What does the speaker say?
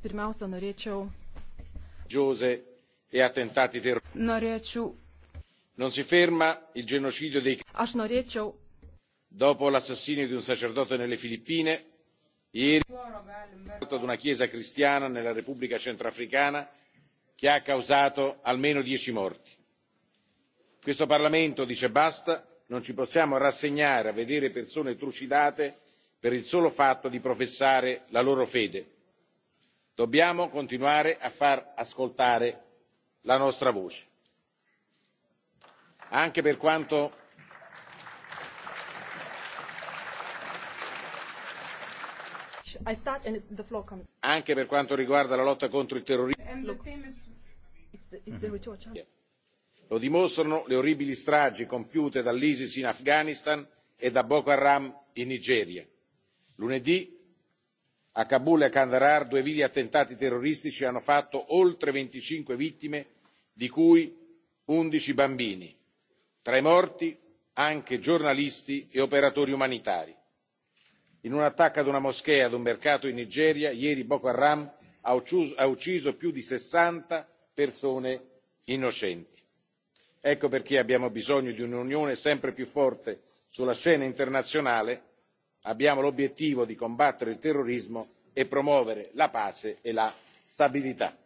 Pirmiausia, norėčiau. E norėčiau. Non si ferma il genocidio dei. Aš norėčiau. Dopo l'assassinio di un sacerdote nelle Filippine, ieri ad una chiesa cristiana nella Repubblica Centrafricana che ha causato almeno dieci morti. Questo Parlamento dice basta, non ci possiamo rassegnare a vedere persone trucidate per il solo fatto di professare la loro fede dobbiamo continuare a far ascoltare la nostra voce anche per quanto anche per quanto riguarda la lotta contro il terrorismo lo dimostrano le orribili stragi compiute dall'isis in afghanistan e da boko haram in nigeria. lunedì a kabul e a kandahar due vili attentati terroristici hanno fatto oltre venticinque vittime di cui undici bambini tra i morti anche giornalisti e operatori umanitari. in un attacco ad una moschea e ad un mercato in nigeria ieri boko haram ha ucciso più di sessanta persone innocenti. ecco perché abbiamo bisogno di un'unione sempre più forte sulla scena internazionale abbiamo l'obiettivo di combattere il terrorismo e promuovere la pace e la stabilità.